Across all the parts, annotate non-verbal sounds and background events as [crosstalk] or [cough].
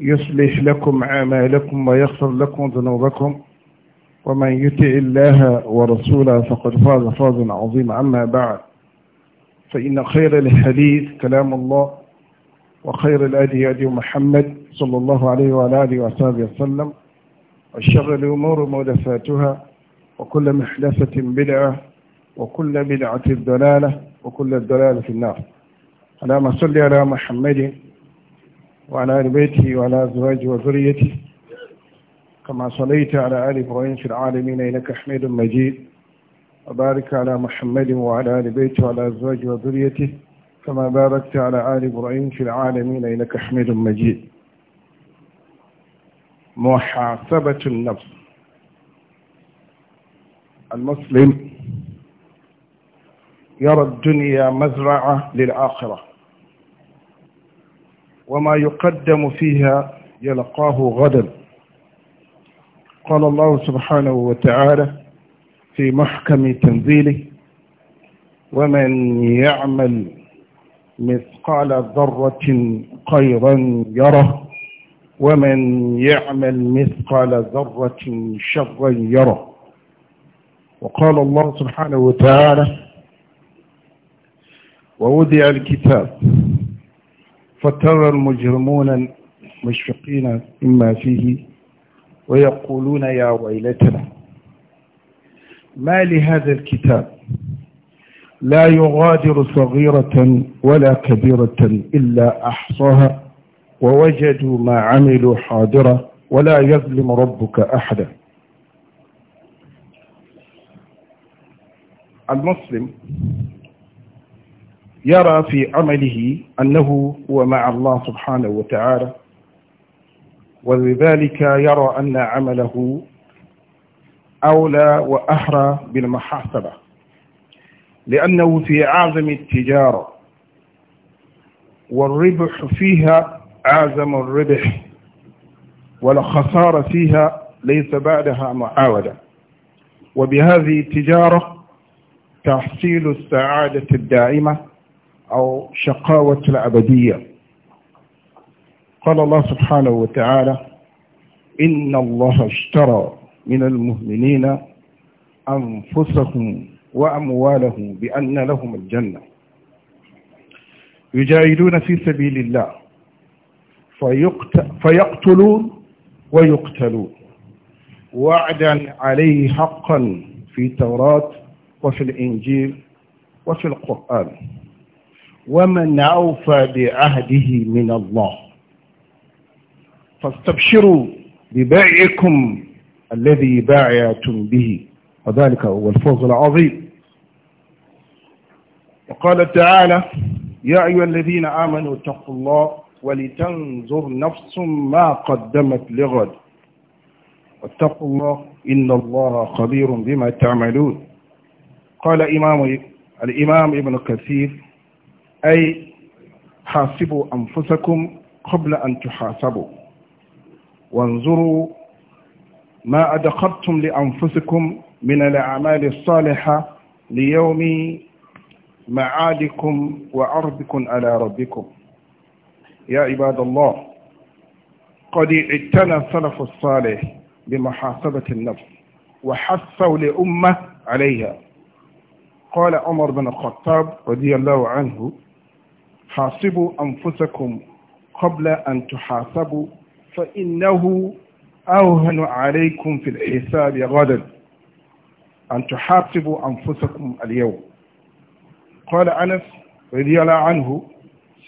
يصلح لكم أعمالكم ويغفر لكم ذنوبكم ومن يطع الله ورسوله فقد فاز فوزا عظيما أما بعد فإن خير الحديث كلام الله وخير الأدي أدي محمد صلى الله عليه وعلى آله وصحبه وسلم وشر الأمور محدثاتها وكل محدثة بدعة وكل بدعة الدلالة وكل الضلالة في النار اللهم صل على محمد وعلى آل بيته وعلى أزواجه وذريته كما صليت على آل إبراهيم في العالمين إنك حميد مجيد وبارك على محمد وعلى آل بيته وعلى أزواجه وذريته كما باركت على آل إبراهيم في العالمين إنك حميد مجيد محاسبة النفس المسلم يرى الدنيا مزرعة للآخرة وما يقدم فيها يلقاه غدا قال الله سبحانه وتعالى في محكم تنزيله ومن يعمل مثقال ذرة خيرا يره ومن يعمل مثقال ذرة شرا يره وقال الله سبحانه وتعالى ووضع الكتاب فترى المجرمون مشفقين مما فيه ويقولون يا ويلتنا ما لهذا الكتاب لا يغادر صغيرة ولا كبيرة إلا أحصاها ووجدوا ما عملوا حاضرة ولا يظلم ربك أحدا المسلم يرى في عمله أنه هو مع الله سبحانه وتعالى ولذلك يرى أن عمله أولى وأحرى بالمحاسبة لأنه في عظم التجارة والربح فيها عظم الربح والخسارة فيها ليس بعدها معاودة وبهذه التجارة تحصيل السعادة الدائمة أو شقاوة العبدية قال الله سبحانه وتعالى إن الله اشترى من المؤمنين أنفسهم وأموالهم بأن لهم الجنة يجاهدون في سبيل الله فيقتلون ويقتلون وعدا عليه حقا في التوراة وفي الإنجيل وفي القرآن ومن أوفى بعهده من الله فاستبشروا ببيعكم الذي بايعتم به وذلك هو الفوز العظيم وقال تعالى يا أيها الذين آمنوا اتقوا الله ولتنظر نفس ما قدمت لغد واتقوا الله إن الله خبير بما تعملون قال إمام الإمام ابن كثير أي حاسبوا أنفسكم قبل أن تحاسبوا وانظروا ما أدخرتم لأنفسكم من الأعمال الصالحة ليوم معادكم وعرضكم على ربكم يا عباد الله قد اعتنى السلف الصالح بمحاسبة النفس وحثوا لأمة عليها قال عمر بن الخطاب رضي الله عنه حاسبوا أنفسكم قبل أن تحاسبوا فإنه أوهن عليكم في الحساب غدا أن تحاسبوا أنفسكم اليوم قال أنس رضي الله عنه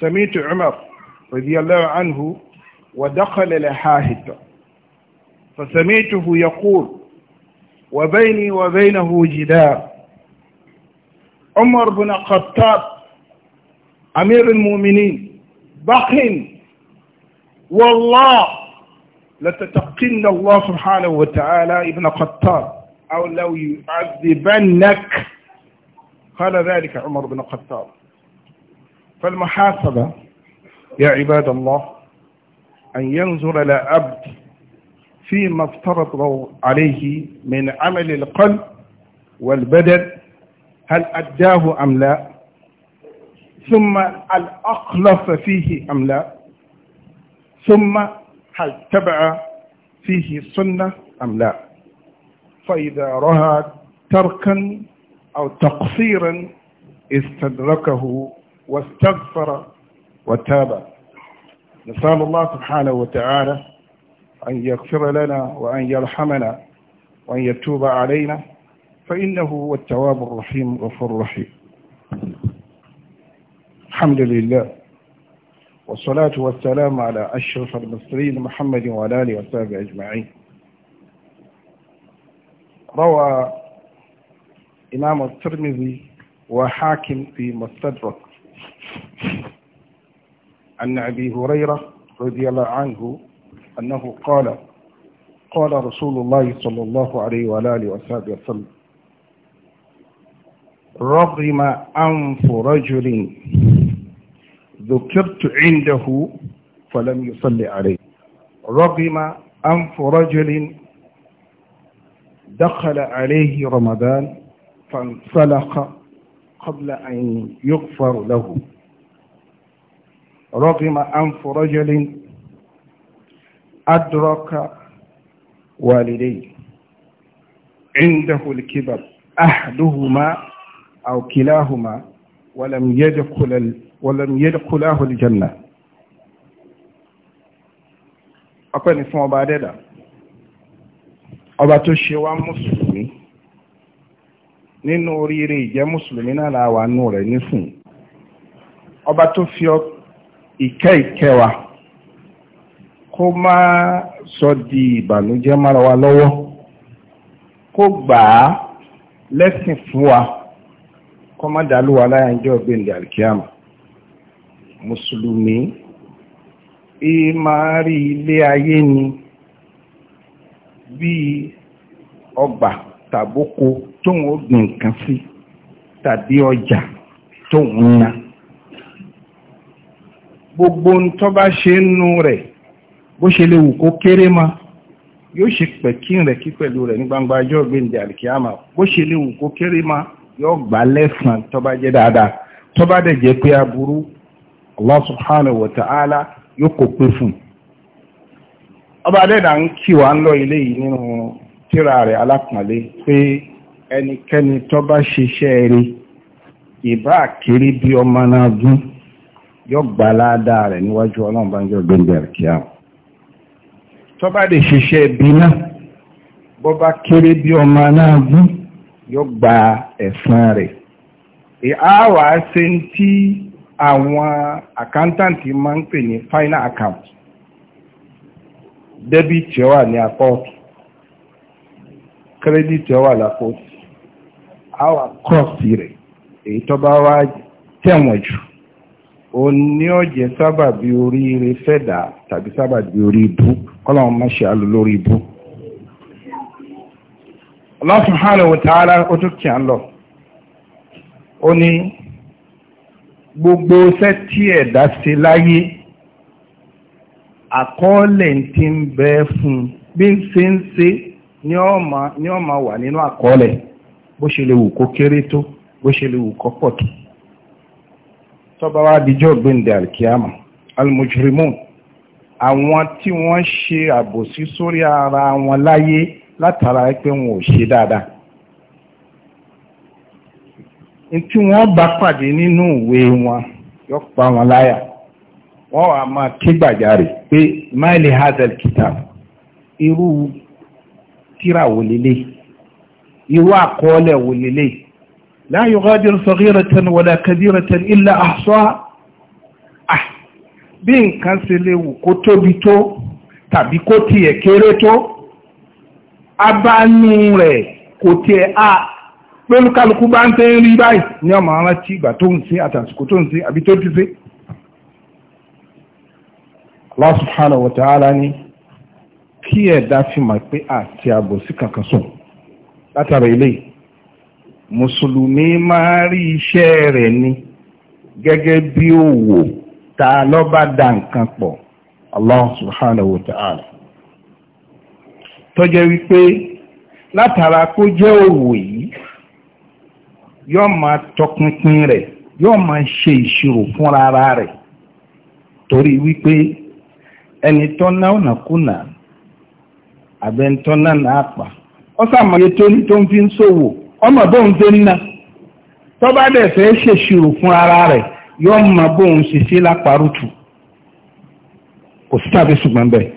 سمعت عمر رضي الله عنه ودخل لحاهد فسمعته يقول وبيني وبينه جدار عمر بن الخطاب أمير المؤمنين بقٍ والله لتتقن الله سبحانه وتعالى ابن قتال أو لو يعذبنك قال ذلك عمر بن الخطاب فالمحاسبة يا عباد الله أن ينظر إلى فيما افترض عليه من عمل القلب والبدن هل أداه أم لا ثم هل فيه أم لا ثم هل تبع فيه السنة أم لا فإذا رأى تركا أو تقصيرا استدركه واستغفر وتاب نسأل الله سبحانه وتعالى أن يغفر لنا وأن يرحمنا وأن يتوب علينا فإنه هو التواب الرحيم غفور رحيم الحمد لله والصلاة والسلام على أشرف المصريين محمد وعلى آله وصحبه أجمعين روى إمام الترمذي وحاكم في مستدرك عن أبي هريرة رضي الله عنه أنه قال قال رسول الله صلى الله عليه وعلى آله وصحبه وسلم رغم أنف رجل ذكرت عنده فلم يصلي عليه رغم أنف رجل دخل عليه رمضان فانسلخ قبل أن يغفر له رغم أنف رجل أدرك والديه عنده الكبر أحدهما أو كلاهما ولم يدخل wọ̀lẹ̀m yadkhulahu al-janna ọpẹ́ ni fún ọba adẹ́dà ọba tó ṣe wá mùsùlùmí nínú oríire ìjẹ́ mùsùlùmí náà láwà nù rẹ̀ nísìn ọba tó fi ìkẹ́ ìkẹwàá kó má sọ di ìbànújẹ́ mára wa lọ́wọ́ kó gbà á lẹ́sìn fún wa kó má dàlú wa láyànjọ́ gbẹ̀ndẹ̀ àlìkíyàmù mùsùlùmí ìmáàrí ilé ayé ni bí ọgbà taboko tóun ó nǹkan sí tàbí ọjà tóun gbogbo ntọba se bá ṣe nu bó ṣe lè wù kó kéré ma yóò ṣe rẹ̀ kí pẹ̀lú rẹ̀ ní gbangba ajọ́ gbẹ̀ndẹ̀ àlìkíyàmà bó ṣe lè wù kéré ma yóò gbà tó bá dáadáa tó bá Allah subhanahu wa ta'ala yóò kò pé fún ọba adẹ́dà ń kí wa ń lọ ilé yìí nínú tíra rẹ̀ alápọ̀nlé pé ẹnikẹ́ni tó bá ṣiṣẹ́ rí ìbá kiri bí ọmọ náà gún yóò gbà ládàá rẹ̀ níwájú ọlọ́run bá kí gba àwọn accountant máa ń pè ní final account debit wà ní apá credit wà lápá ọ̀tún àwa rẹ̀ èyí tó bá wá tẹ̀wọ̀n jù ó ní ọ̀jẹ̀ sábà oríire fẹ́dà tàbí sábà bí orí ibú kọ́lọ́wọ́n má ṣe àlò lórí ibú lọ ó ní gbogbo iṣẹ́ tí ẹ̀dá ṣe láyé àkọọ́lẹ̀ tí ń bẹ fún bí ń ṣe ń ṣe ní ó máa wà nínú àkọọ́lẹ̀ bó ṣe lè wù kó kéré tó bó ṣe lè wù kó pọ̀ tó tọ́ba wá dijọ́ gbẹ̀ǹdẹ̀ alkiyama almujrimun àwọn tí wọ́n ṣe àbòsí sórí ara wọn láyé látara pé wọn ò ṣe dáadáa tí wọ́n bá pàdé nínú ìwé wọn yóò pa wọn láyà wọ́n wà máa ké gbàjarè pé máìlì hazel kitab irú tíra wò lélẹ̀ irú àkọọ́lẹ̀ wò lélẹ̀ la yughadiru saghiratan wala kabiratan illa ahsaha ah, bí nǹkan ṣe lè kó tóbi tó tàbí kó tiẹ̀ kéré tó abánú rẹ̀ kò tiẹ̀ a ah, lólúkálukú bá ń tẹ́ ń rí báyìí ní ọmọ arántí ìgbà tó ń sí àtàsìkò tó ń sí àbí tó ti sí. Allah ta'ala ni kí ẹ̀dá fi mọ̀ pé àti àbòsí kankan sùn látara ilé mùsùlùmí máa rí iṣẹ́ rẹ̀ ni gẹ́gẹ́ bí òwò ta ló da nǹkan pọ̀ Allah subhanahu wa ta'ala tó jẹ́ wípé látara kó jẹ́ òwò yìí yóò máa tọpinpin rẹ yóò máa ṣe ìṣirò fúnra ara rẹ torí wípé ẹni tó ná ọ̀nà kùnà na náà náà pa ó sàmọ̀ye tó ní tó ń fi ń ṣòwò ọmọ bóun tó ń ná tó bá dẹ̀ fẹ́ ṣèṣirò fún ara rẹ yóò mọ bóun ṣe ṣe lápárùtù kò sí tàbí ṣùgbọ́n bẹ́ẹ̀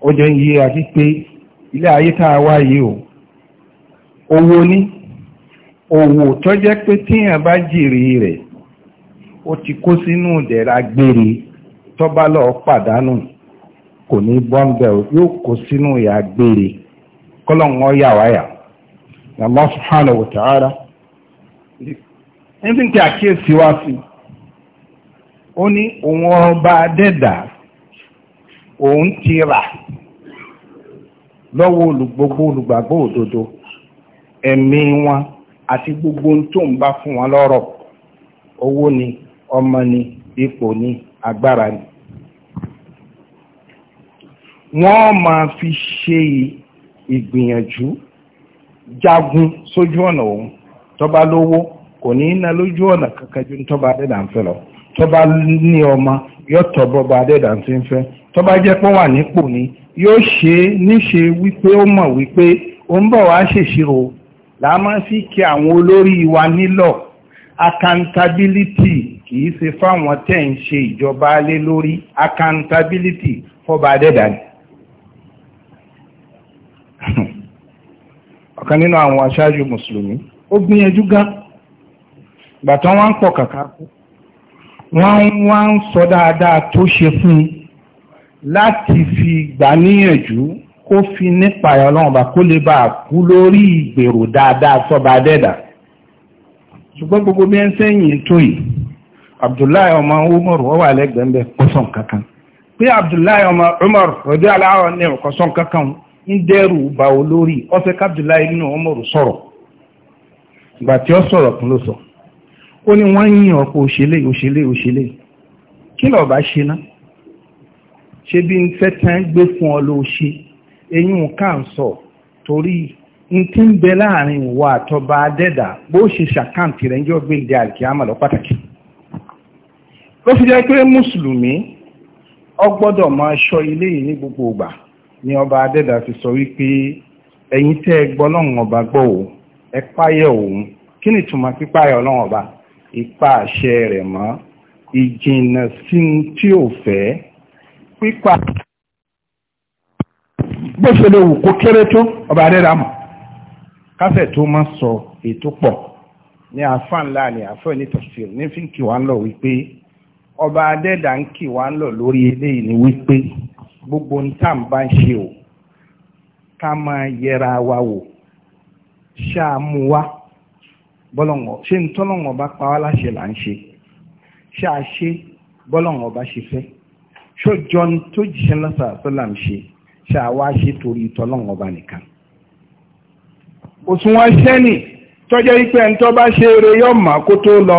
ó jẹ́ àti pé ilé ayé tá a wá yìí o owó ní òwò tó jẹ́ pé tíyàn bá jìrì rẹ̀ ó ti kó sínú ìdẹ̀ra gbére tó bá lọ pàdánù kò ní bọ́m̀bẹ̀ yóò kó sínú ìyà gbére kọ́lọ̀wọ́ yà wáyà Allah subhanahu ní kí àkíyèsí wá sí ó ní òun ọba dẹ́dà òun ti rà lọ́wọ́ olùgbogbo olùgbàgbọ́ ẹ̀mí wọn àti gbogbo tó ń bá fún wọn lọ́rọ̀ owó ni ọmọ ni ipò ni agbára ni wọ́n máa fi ṣe ìgbìyànjú jagun sójú ọ̀nà òun tọ́ba lówó kò ní iná lójú ọ̀nà kankan ju tọ́ba adẹ́dà ń tọba lọ tọ́ba ní ọmọ yóò tọ́ba jẹ́ ni yóò ṣe é níṣe wípé ó mọ̀ wípé ó ń bọ̀ láàmá sí kí àwọn olórí wa nílọ̀ accountability kìí ṣe fáwọn tẹ́ ń ṣe ìjọba lé lórí accountability fọba adẹ́dàní [laughs] ọ̀kan nínú àwọn aṣáájú mùsùlùmí ó gbìyànjú gan gbàtán wọ́n ń pọ̀ kàkà kú wọ́n wá ń sọ dáadáa tó ṣe fún láti fi gbà níyànjú kó fi nípa ẹ̀ ọlọ́run bá kó lè bá kú lórí ìgbèrò dáadáa sọba adẹ́dà ṣùgbọ́n gbogbo bí ẹ ń sẹ́yìn tó yìí Abdullahi ọmọ Umar wọ́n wà lẹ́gbẹ̀ẹ́ mbẹ́ kọ́sọ̀n kankan pé Abdullahi ọmọ Umar rẹ̀bí aláwọ̀ ní ọ̀kọ́sọ̀n kankan ń dẹ́rù bá o lórí ọ̀fẹ́ kábdùláì nínú Umar sọ̀rọ̀ ìgbà tí ó sọ̀rọ̀ kún ló sọ ó ní wọ́n yìn ọ̀pọ̀ òṣèlé òṣèlé òṣèlé kí lọ́ọ̀ ṣe ná ṣe bí ń fẹ́ tán gbé fún ọ ló ṣe eyín ká ń sọ torí n ti ń bẹ láàrin ìwà àtọba adẹ́dà bó ṣe ṣàkáǹtì rẹ̀ ń jọ gbé lọ pàtàkì ló fi jẹ́ pé mùsùlùmí máa ṣọ ilé yìí gbogbo ìgbà ni ọba adẹ́dà ti sọ wípé ẹ̀yin tẹ́ ọba gbọ́ ẹ òun kí ni ìtumọ̀ ọba ipa àṣẹ rẹ̀ mọ́ sí ò fẹ́ bó ṣe lè wù kó kéré tó ọba adẹ́dà mọ̀ kásẹ̀ tó má sọ ètò pọ̀ ní àfáà ńlá ni àfáà ní tafsir ní fi ń kì wá ń lọ wípé ọba adẹ́dà ń kì wá ń lọ lórí eléyìí ni wípé gbogbo ń tà ń bá ń ṣe o ká máa yẹra wa wò ṣáàmú wa bọ́lọ̀ngọ̀ ṣé ń tọ́lọ̀ngọ̀ bá pa wá láṣẹ là ń ṣe ṣáà ṣe bọ́lọ̀ngọ̀ bá ṣe fẹ́ ṣọjọ́ tó jíṣẹ́ lọ́sàá tó là ń ṣe ṣàwá ṣe torí ìtọ́lọ́wọ́n ọba nìkan òṣùwọ̀n ṣẹ́nì tọ́jẹ́ wípé ẹni tó bá ṣe eré yọ mọ̀ kó tó lọ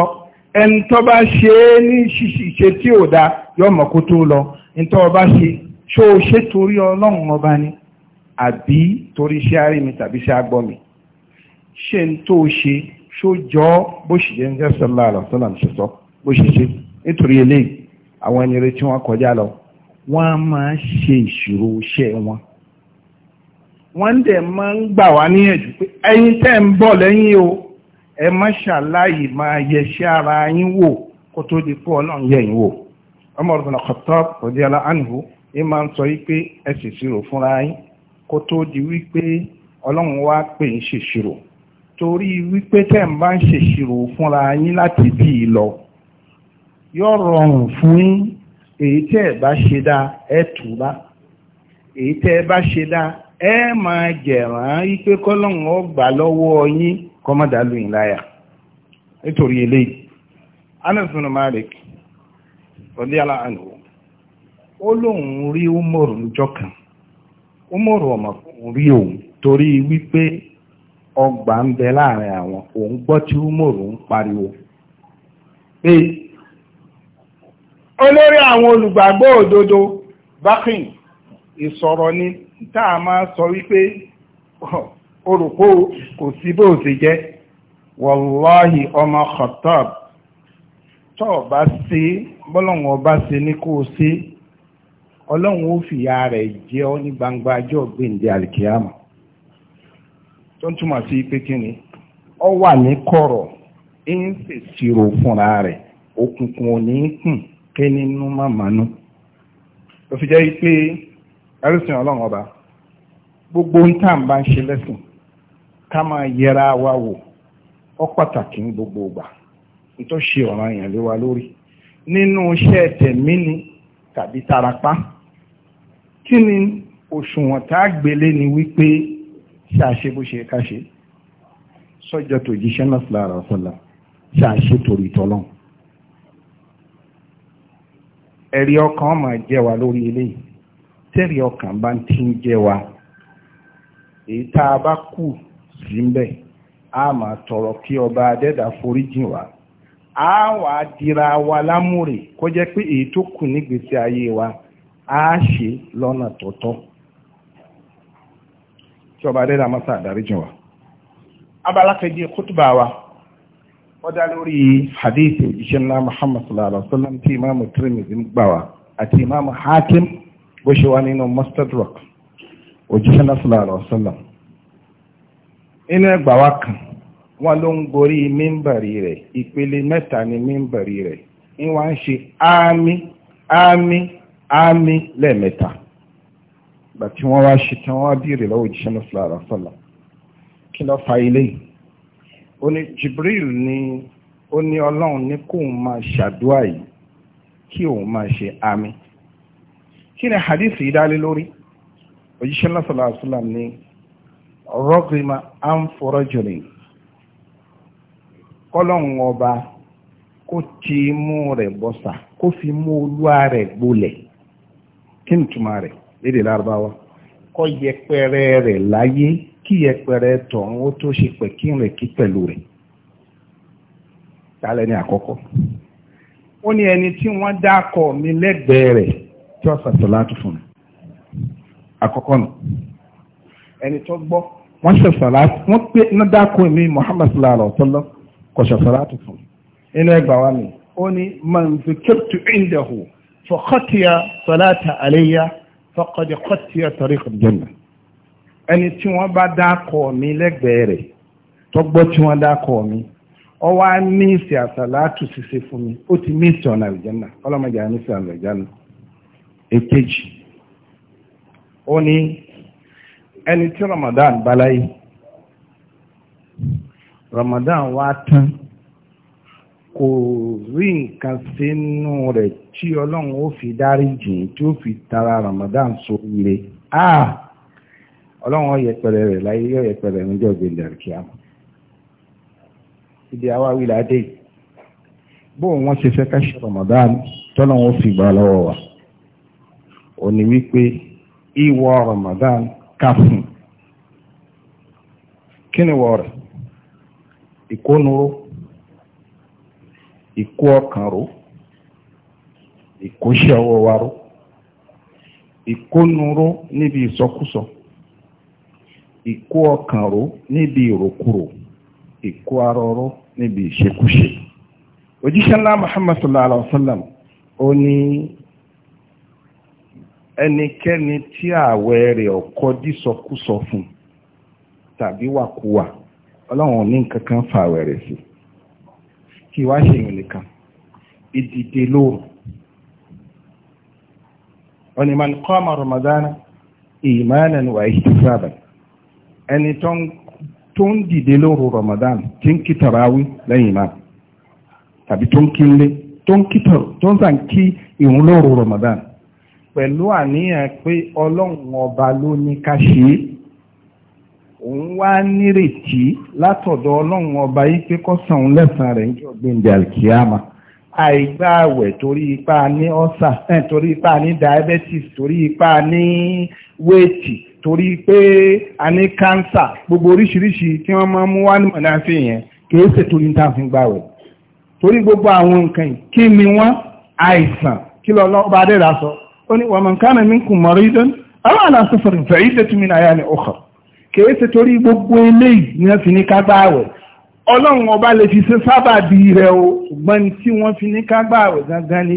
ẹni tó bá ṣe é ní ṣiṣẹ́ tí ò da yọ mọ̀ kó tó lọ ẹni tó bá ṣe ṣó o ṣe torí ọlọ́run ọba ni àbí torí iṣẹ́ àárín mi tàbí iṣẹ́ agbọ́ mi ṣe ń tó ṣe ṣó jọ bó ṣe jẹ́ ń jẹ́ sọ́lá àlọ́sọ́lá ṣe sọ bó ṣe ṣe nítorí eléyìí àwọn ẹni rẹ tí kọjá lọ wọ́n á máa ṣe ìṣirò iṣẹ́ wọn wọ́n ń dẹ̀ máa ń gbà wá níyànjú pé ẹ̀yin tẹ́ ń bọ̀ lẹ́yìn o ẹ má ṣàláyì máa yẹṣẹ́ ara yín wò kó tó di pé ọlọ́run yẹ yín wò ọmọ ọ̀gbìn ọ̀kọ̀tọ́ ọ̀dẹ́lá ànìhó ẹ máa ń sọ wípé ẹ ṣèṣirò fúnra yín kó tó di wípé ọlọ́run wá pè ń ṣèṣirò torí wípé tẹ́ ń bá ń ṣèṣirò fúnra yín láti bí i lọ yóò rọrùn fún yín èyí tẹ́ ẹ̀ bá ṣe dá ẹ tù bá èyí tẹ́ ẹ bá ṣe dá ẹ máa jẹ̀rán ipe kọ́lọ́hún ó lọ́wọ́ yín kọ́mọ́dálù yín láyà nítorí eléyìí Anas Malik radiyallahu anhu ó lóun rí Umaru níjọ́ kan ọmọkùnrin rí òun torí wípé ọgbà ń bẹ láàrin àwọn òun gbọ́ tí ń pariwo pé. Hey, olórí àwọn olùgbàgbọ́ òdodo bákìn ìsọ̀rọ̀ ni tá a máa sọ wípé orùpó kò sí bó ṣe jẹ́ ọmọ Khattab tọ́ sí ọba sí ní kó sí ó fìyà rẹ̀ jẹ́ ọ ní gbangba ajọ́ tó ń sí ọ wà ní kọ̀rọ̀ ń ṣèṣirò fúnra rẹ̀ òkùnkùn ò ní kí nínú má mánú ó fi jẹ́ pé ẹrùsìn ọlọ́run ọba gbogbo ń tà ń bá ń ṣe lẹ́sìn ká máa yẹra wa wò ó pàtàkì ní gbogbo ìgbà tó ṣe ọ̀ràn èèyàn lé wa lórí nínú iṣẹ́ tẹ̀mí ni tàbí tarapá kí ni òṣùwọ̀n tá a gbélé ni wípé ṣàṣe bó ṣe ká ṣe sọ́jọ́ tó jíṣẹ́ náà fúlára ọ̀sọ́là ṣàṣe torí tọ́lọ́hún ẹ̀rí ọkàn máa jẹ́ wa lórí ilé tẹ́rí ọkàn bá ń tí ń jẹ́ wa èyí tá a bá kù sí ń bẹ̀ a máa tọrọ kí ọba adẹ́dà foríjìn wa a wà á dira wa lámúre kó jẹ́ pé èyí tó kù nígbésí ayé wa a ṣe lọ́nà tọ̀tọ̀ kí ọba adẹ́dà má ṣàdáríjìn wa abala kejì kútùbà wa. wọ́n dá lórí hadith òjíṣẹ́ ńlá muhammad sallallahu alaihi wa sallam tí imaamu tirmidhi gbà wá àti imaamu hakim bó ṣe wá nínú mustadrak òjíṣẹ́ ńlá sallallahu alaihi wa sallam inú ẹgbà wá kan wọ́n ló ń gorí mímbàrí rẹ̀ ìpele mẹ́ta ní mímbàrí rẹ̀ ní wọ́n ń ṣe ámì ámì ámì lẹ́ẹ̀mẹ́ta gbàtí wọ́n wá ṣe tán wọ́n á bí ìrẹ̀lẹ́ òjíṣẹ́ ńlá sallallahu alaihi wa sallam kí ló fa ilé yìí ó ní Jibril ní ó ní ọlọ́run ní kóun máa ṣàdúrà yìí kí òun máa ṣe àmì kí ni hadith yìí lórí òjíṣẹ́ náà sallallahu alaihi wasallam ní rọ́gìmá àǹfọ̀rọ̀jùrì kọ́lọ́hún ọba kó ti mú rẹ̀ bọ́sà kó fi mú olúwa rẹ̀ gbolẹ̀ kí ni túmọ̀ rẹ̀ lédè lárúbáwá kó yẹpẹrẹ rẹ̀ láyé kí ẹpẹrẹ tọ̀hún ó tó ṣe pẹ̀kí rẹ̀ kí pẹ̀lú rẹ̀ tálẹ̀ ní àkọ́kọ́ ó ní ẹni tí wọ́n dákọ̀ mi lẹ́gbẹ̀ẹ́ rẹ̀ tí wọ́n sàtọ̀ láti fún mi àkọ́kọ́ nù ẹni tó gbọ́ wọ́n ṣẹ̀ṣọ̀ láti wọ́n pé ní dákọ̀ mi Muhammad sallallahu alaihi wa sallam kò ṣẹ̀ṣọ̀ láti fún mi inú ẹgbàá wa mi ó ní man zikirtu indahu faqatiya salata alayya faqad qatiya tariq al ẹni tí wọ́n bá dákọ̀ mi lẹ́gbẹ̀ẹ́ rẹ̀ tọ́gbọ́ tí wọ́n dákọ̀ mi ọ wá ní ìsì àsàlátù ṣiṣẹ́ fún mi ó ti ní ọ̀nà àlùjánnà ọlọ́mọdé àní ìsìn ọ̀nà èkejì ó ní ẹni tí Ramadan Ramadan wá tán kò rí nǹkan sínú rẹ̀ tí ọlọ́run ó fi dárí jìn tí ó fi tara Ramadan ọlọ́run ọ̀yẹ̀ pẹ̀rẹ̀ rẹ̀ láyé yọ̀yẹ̀ pẹ̀rẹ̀ níjọ́ gbẹ̀lẹ̀ kíá ibi àwa wílà dé bó wọn ṣe fẹ́ ká ṣe Ramadan tọ́lọ́ wọn fi gbà lọ́wọ́ wa ò ní wípé ìwọ Ramadan ká fún kí ni wọ rẹ̀ ìkónúró ìkó ọkàn ró ìkóṣẹ́ ọwọ́ wa ró ìkónúró níbi ìsọkúsọ ìkó ọkàn ró níbi ìròkúrò ìkó ara ró níbi ìṣekúṣe òjíṣẹ́ ńlá Muhammad sallallahu alaihi wasallam ó ní ẹnikẹ́ni tí ààwẹ̀ rẹ̀ ọkọ dísọkúsọ fún tàbí wàkúwà ọlọ́run ní nǹkan kan fa ààwẹ̀ rẹ̀ sí kí wá ṣe ìrìn nìkan ìdìde lóòrùn ọ̀nìmọ̀ nìkan ọmọ Ramadan ìmánan wa ihtisaban ẹni tó ń dìde lóru Ramadan tí ń kí tàràwí lẹ́yìn máa tàbí tó ń kí nlé tó ń sàn kí ìrun lóru Ramadan pẹ̀lú àníyàn pé ọlọ́run ọba ló ní ká ṣe é òun wá nírètí látọ̀dọ̀ ọlọ́run ọba yìí pé kọ́sàn òun lẹ́sàn rẹ̀ níjọ́ gbẹ̀ǹdẹ̀ alkiyama àìgbà àwẹ̀ torí ipa ní ọ́sà eh, torí ipa ní diabetes torí ipa ní wéètì torí pé a ní kánsà gbogbo oríṣiríṣi tí wọ́n máa mú wá ní mọ̀láfí yẹn kìí ṣe torí tá a fi gbà wẹ̀ torí gbogbo àwọn nǹkan yìí kí ni wọ́n àìsàn kí lọ lọ́ba adẹ́ra sọ ó ní wa man kana minkum maridan aw ala safarin fa'iddatun min ayamin ukhar kìí ṣe torí gbogbo eléyìí ni wọ́n fi ní ká gbà wẹ̀ ọlọ́run ọba lè fi ṣe sábàbí rẹ̀ o ṣùgbọ́n tí wọ́n fi ní ká gbà wẹ̀ gangan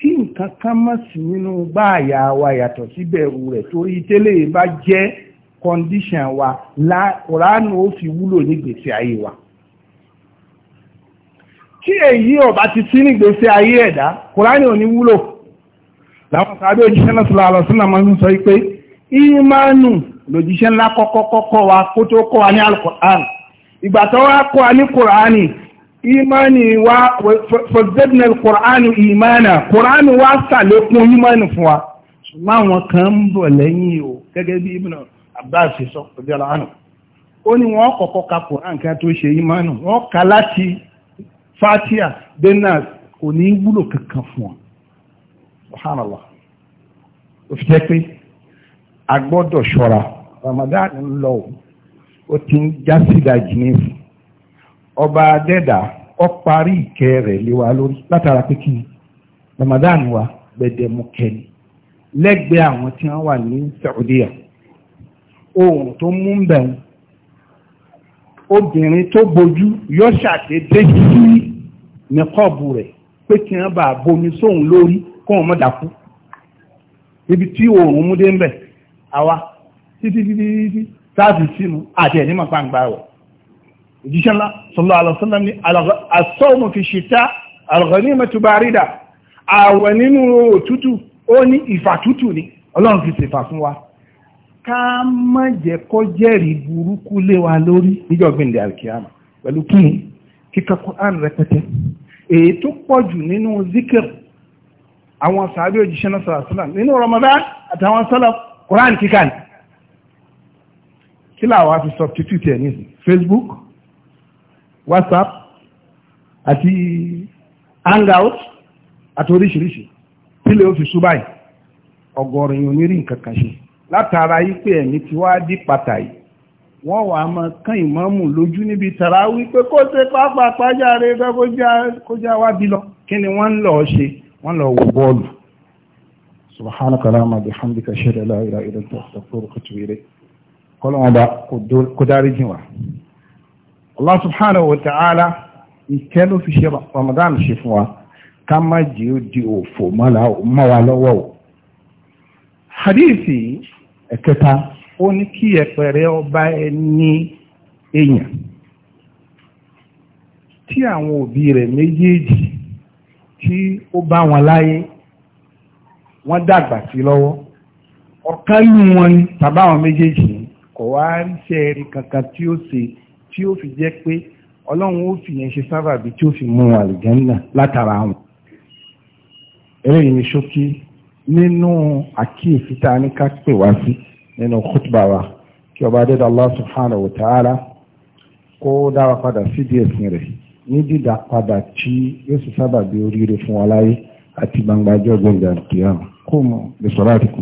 kí nǹkan kan mọ̀ sí nínú báàyà wa yàtọ̀ síbẹ̀rù rẹ̀ torí tẹ́lẹ̀ bá jẹ́ kọ́ndíṣàn wa kùránù ó fi wúlò ní gbèsè ayé wa tí èyí ọ̀bá ti sí ní gbèsè ayé ẹ̀dá kùránì ò ní wúlò láwọn sàábé òjíṣẹ́ náà sọ́lá àlọ́sí náà máa ń sọ pé ìmánù lòjíṣẹ́ ńlá kọ́kọ́ kọ́kọ́ wa kó tó kọ́ wa ní alkùránì ìgbà tó wá kọ́ wa ní kùránì imani wa fọ̀zẹ́dìnà kùránù ìmánà kùránù wa sàlékún imani fún wa ṣùgbọ́n àwọn kan ń bọ̀ lẹ́yìn o gẹ́gẹ́ bí Ibn Abbas sọ ọjọ́lá ánù ó ní wọ́n kọ́kọ́ ka kùránù ká tó ṣe imani wọ́n ka láti fatia benas kò ní wúlò kankan fún wa a Ramadan ọba ọ parí ìkẹ́ rẹ̀ lé wa lórí látara pé kí ni Ramadan wa gbẹdẹmukẹ́ ni lẹ́gbẹ̀ẹ́ àwọn tí wọ́n wà ní Saudiya ohun tó mú ń bẹ̀rù obìnrin tó bojú yóò ṣàdédé yí ní kọ́ọ̀bù rẹ̀ pé kí wọ́n bá bomi sóhun lórí kó wọn mọ̀ ibi tí oòrùn mú ń bẹ̀ àwa títí títí títí táàbì sínú àti ẹ̀ ní màpá ń gbà wọ̀ òjíṣẹ́ ńlá sallallahu alaihi wasallam ní as-sawmu fi shita al-ghanimatu barida àwẹ̀ nínú òtútù ó ní ìfàtútù ni ọlọ́run fi ṣèfà fún wa ká má jẹ́ kó jẹ́rìí burúkú lé wa lórí níjọ́ alkiyama pẹ̀lú kí ni kíkà Qur'an rẹpẹtẹ èyí tó pọ̀ jù nínú zikir àwọn sàábí òjíṣẹ́ náà sallallahu alaihi nínú Ramadan àtàwọn salaf Qur'an kíkà ni kí làwọn fi substitute ẹ̀ Facebook whatsapp àti hangout àti oríṣiríṣi tílé ó fi sú báyìí ọ̀gọ̀rọ̀ èèyàn ní rí nǹkan kan ṣe látara yí pé ẹ̀mí ti wá dí pàtàkì wọ́n wà mọ́ kán ìmámù lójú níbi tàrà wípé kó ṣe pápá pàjáre kó já wá bí lọ kí ni wọ́n ń lọ ṣe wọ́n lọ wo bọ́ọ̀lù subhanaka allahumma bihamdika ashhadu an la ilaha illa anta astaghfiruka wa atubu ilayk kọ́lọ́wọ́n bá dárí jìn wá Allah subhanahu wa ta'ala ìkẹ́ ló fi ṣe Ramadan ṣe fún wa ká má jẹ́ ó di o. Hadithi ẹ̀kẹta ó ní kí ẹ̀pẹ̀rẹ̀ tí àwọn méjèèjì tí wọ́n dàgbà sí lọ́wọ́ ọ̀kan lù wọn tàbáwọn méjèèjì kò wá ríṣẹ́ ẹ̀rí kankan tí ó ṣe tí ó fi jẹ́ pé ọlọ́run ó fi yẹn ṣe sábàbí tí ó fi mú àlùjànnà látara wọn eléyìí ni ṣókí nínú àkíyèsí tá a ní ká pè wá sí nínú khutba wa kí ọba adéda Allah subhanahu wa ta'ala kó dára padà sídìí ẹ̀sìn rẹ̀ ní dídá padà tí yóò sì sábàbí oríire fún wa láyé àti gbangba ọjọ́ gbẹ̀ngàn kìíyàn kó mọ̀ bí àti kù.